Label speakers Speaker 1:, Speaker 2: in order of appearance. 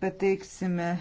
Speaker 1: pateiksime